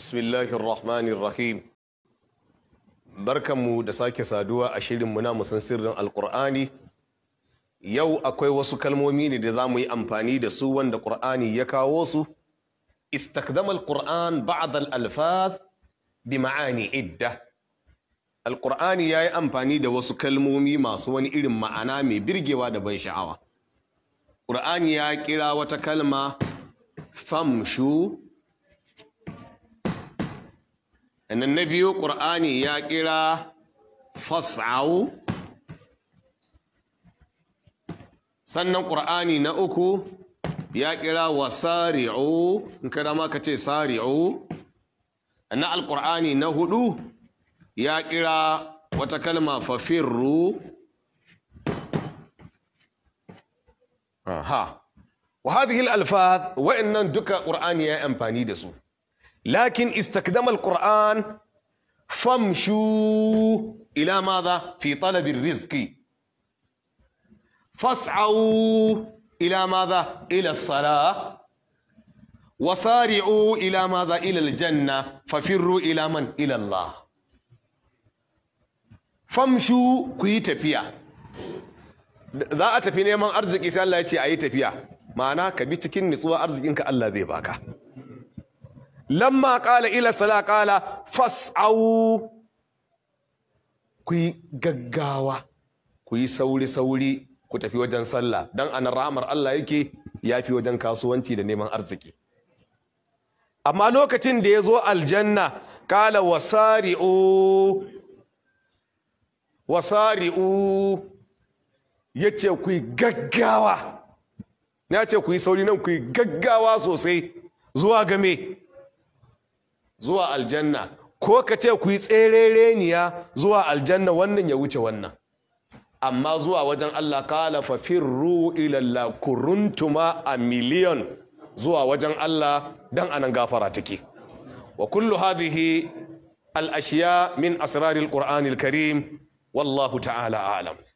bismillahir rahmanir rahim barkanmu da sake saduwa a shirin na musan sirrin alqur'ani yau akwai wasu kalmomi ne da zamu yi amfani da su wanda qur'ani ya kawo su istakdama alqur'an ba'd al-alfaz bi ma'ani idda alqur'ani yayi amfani da wasu kalmomi masu wani irin ma'ana mai birgewa da ban sha'awa qur'ani ya kira wata kalma famshu ان النبي قراني يا كرا فصعو سنن قراني ناوكو يا كرا وسارعو ان كدا ما كتي سارعو ان القراني نهدو يا وتكلم ففروا اها وهذه الالفاظ وان دكا قراني يا امباني lakin istakdama alquran famshu ila madha fi talab arrizqi fas'au ila madha ila as-salah wasari'u ila madha ila aljanna fafirru ila man ila Allah famshu kuyi yi tafiya za a tafi neman arziki sai Allah ya ce a yi tafiya mana ka bi cikin nutsuwa arzikinka Allah zai baka lamma ƙala ila sala ƙala fas'au ku yi gaggawa ku yi sauri sauri ku tafi wajen sallah don anan rahmar Allah yake fi wajen kasuwanci da neman arziki amma lokacin da ya zo aljanna kala wasari'u wasari'u yace ku yi gaggawa na ce ku yi sauri nan ku yi gaggawa sosai zuwa game zuwa aljanna ko ka ce ku yi tserereniya zuwa aljanna wannan ya wuce wannan amma zuwa wajen Allah kala fafin firru ilalla kuruntuma a miliyon zuwa wajen Allah dan anan gafara take wa kullu hadhihi al-ashiya min asraril qur'anil karim wallahu ta'ala a'lam